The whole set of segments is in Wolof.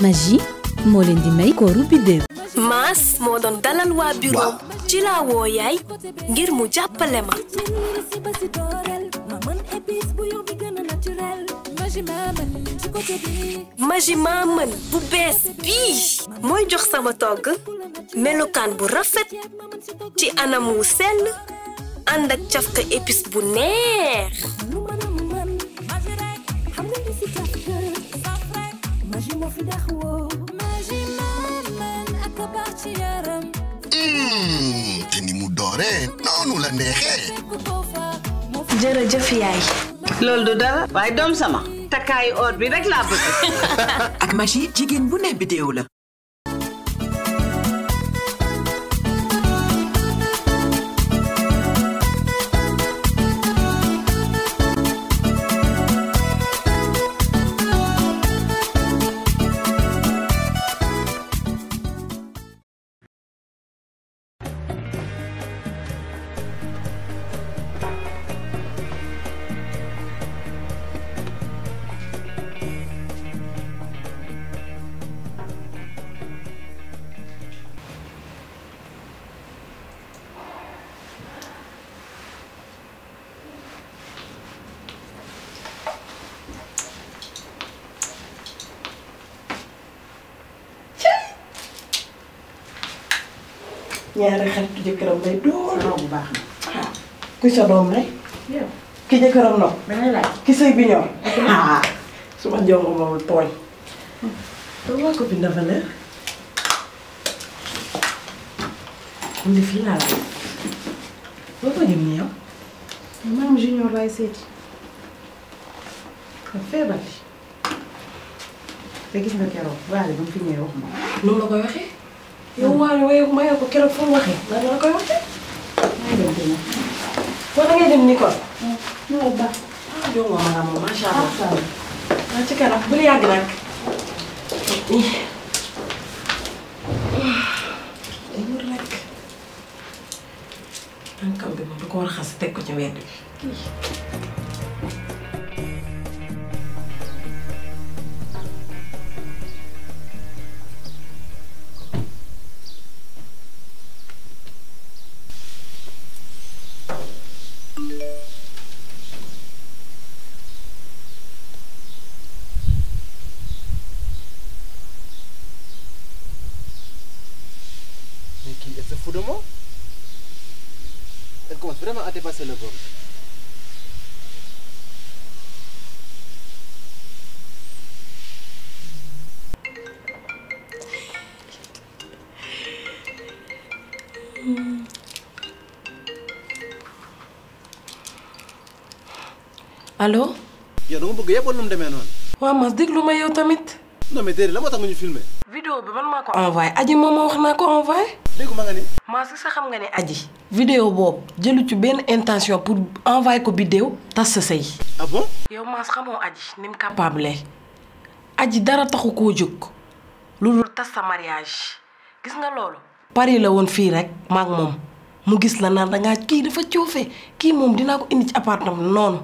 magie moo moo doon dalal waa bureau ngir mu jàppale ma magie bu bees bii mooy jox sama togg melokaan bu rafet ci anam wu sell ànd ak cafka épice bu neex في hmm, دخوه waaye doom sama. takkaayu or bi rek laa bëgg. ak Maggi jigéen bu ne bidéo la. ñaari xaritu jëkkëram lay doon. sa bu baax na. waaw kuy sa doom lay. ki jëkkëram noonu. da ngay ki sëy bi ah, su ma jox moom tooñ. loolu waa copine fi laa ko jëm nii yow. maam junior laay seeti. nga te gis nga keroog waaye ba mu fi ñëwee wax ma. noonu la koy yow waalo waaye mayoo ko keroog fu mu nga dina koy waxee. maa ngi dem wala ngay dem ni kon. waaw ba. yow moom maanaam moom macha ah, allah. waaw ah, ci kanam bu la yàgg ko war a ko ci wedd bi. de mots. Elle commence vraiment à dépasser bëgg yëpp wala nu mu demee noonu. waaw Mass déglu ma yow tamit. non mais déedéet la moo tax nga ñu filmé. vidéo bi man maa ko envoyé aji moom ma wax naa ko envoyé. déggu ma nga ni. xam nga ne aji. vidéo boobu jëlu ci benn intention pour envoyer ko biddéew tas sa sëy. ah yow maa xamoo aji ni mu capable aji dara taxu ko jóg lu dul tas sa mariage gis nga loolu. pari la woon fii rek maak moom mu gis la naan dangaa kii dafa coofe kii moom dinaa ko indi ci appartement noonu.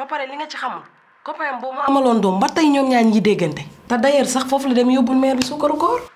ba pare li nga ci xamul. copain boobu amaloon doom ba tey ñoom ñaar ñi déggante. te d'ailleurs sax foofu la dem yóbbul mère bi ko koor.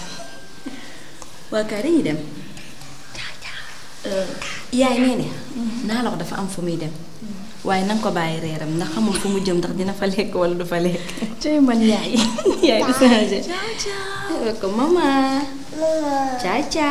waa kay dañuy dem yaay nee ne naa la dafa am fu muy dem waaye na ko bàyyi reeram ndax xamul fu mu jëm ndax dina fa lekk wala du fa lekk cay man yaay yaay du changé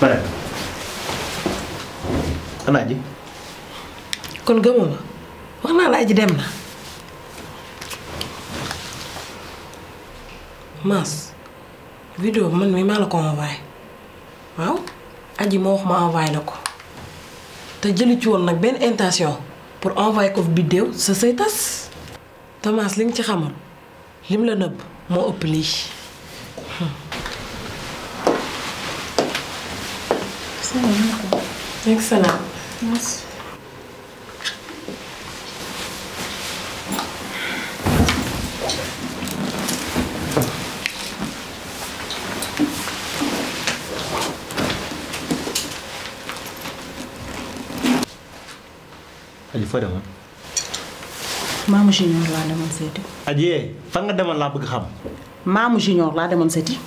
ma ne ana ji. kon gëmoo ma wax naa la aji dem na. Mass. vidéo man mii maa la ko envoyé waaw. aji moo wax ma envoyé la ko te jëli ci woon nag benn intention pour envoyé ko vidéo sa say tas. Thomas li nga ci xamoon lim la nëbb moo ëpp lii. Salaamaaleykum. maaleykum salaam. merci. Aliou foo demoon. maamu junior laa demoon seeti. Adjé fan nga demoon laa bëgg xam. maamu junior laa demoon seeti.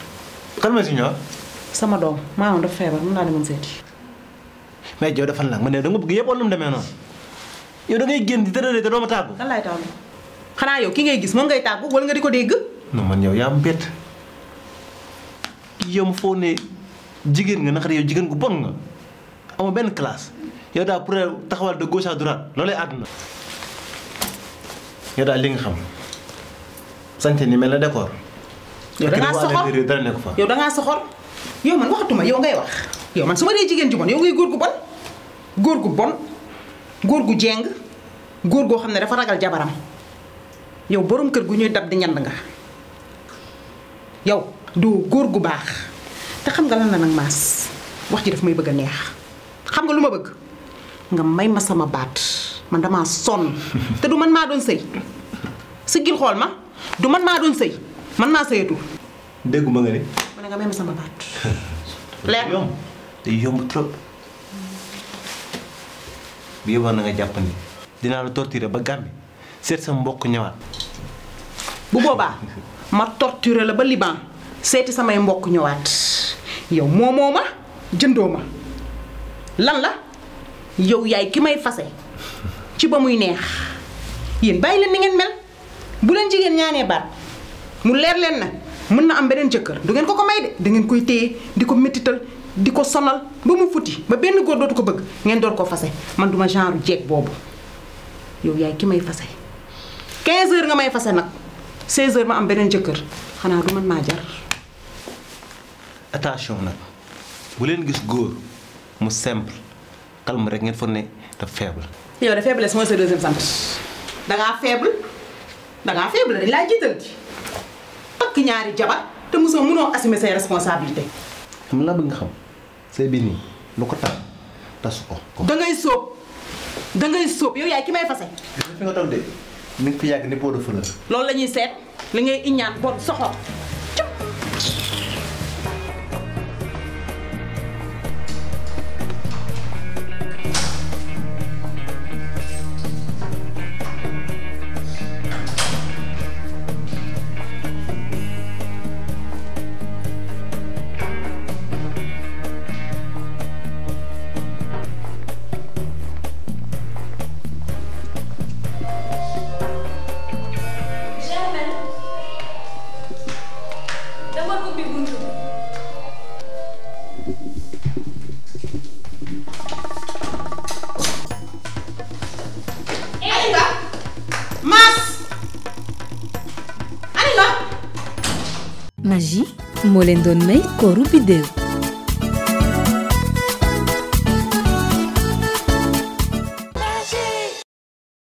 kan ma junior. sama doom maamam dafa feebar mën naa demoon seeti. mais yow dafa nag ma ne da nga bëgg yëpp wala nu noonu yow da ngay génn di tërëlee te doo ma tàggu. xanaa yow ki ngay gis moom ngay tàggu wala nga di ko dégg. non man yow yaa am bett yow ma foo ne jigéen nga naka yow jigéen gu bon nga amoo benn classe yow daa pour taxawal de gauche à droite loolay àdduna. yow daal li nga xam sante ni mel na d'accord. yow da ngaa soxor yow man waxatuma yow ngay wax yow man su ma dee jigéen ju bon yow ngay góor gu bon góor gu bon góor gu jeng góor goo xam ne dafa ragal jabaram yow borom kër gu ñuy dab di ñand nga yow doo góor gu baax te xam nga lan la nag maas wax ji daf may bëgg a neex xam nga lu ma bëgg nga may ma sama baat man damaa sonn te du man maa doon sëy siggil xool ma du man maa doon sëy man maa sëyatul dégguma nga nga sama baat. leer yomb day yomb trop. bi yóbboon na nga jàpp ni dinaa la torturer ba Gambie seet sama mbokk ñëwaat. bu boobaa ma torturer la ba Liban seeti samay mbokk ñëwaat yow moomoo ma jëndoo ma lan la yow yaay ki may fase ci ba muy neex yéen bàyyi leen ni ngeen mel bu leen jigéen ñaanee baat mu leer leen na mën na am beneen jëkkër du ngeen ko ko may de da ngeen koy téye di ko métital di ko sonal ba mu futti ba benn góor dootu ko bëgg ngeen door ko fase man duma genre jeeg boobu yow yaay ki may fase 15 heures nga may fase nag 16 heures ma am beneen jëkkër xanaa du man maa jar. attention nag bu leen gis góor mu simple calme rek ngeen foog ne daf faible. yow de faiblesse sant dangaa faible dangaa faible dañ laa jiital ki ñaari jabar te mosoo mënoo assumer say responsabilité xam laa bëgg nga xam sëy bi nii lu ko tax tas ko. da ngay sóob da ngay sóob yow yaay ki may fase. fi nga toog de ni nga fi yàgg ni pot de fleur. loolu lañuy seet li ngay iñaan boo soxor. magie moo leen doon may kooru biddéew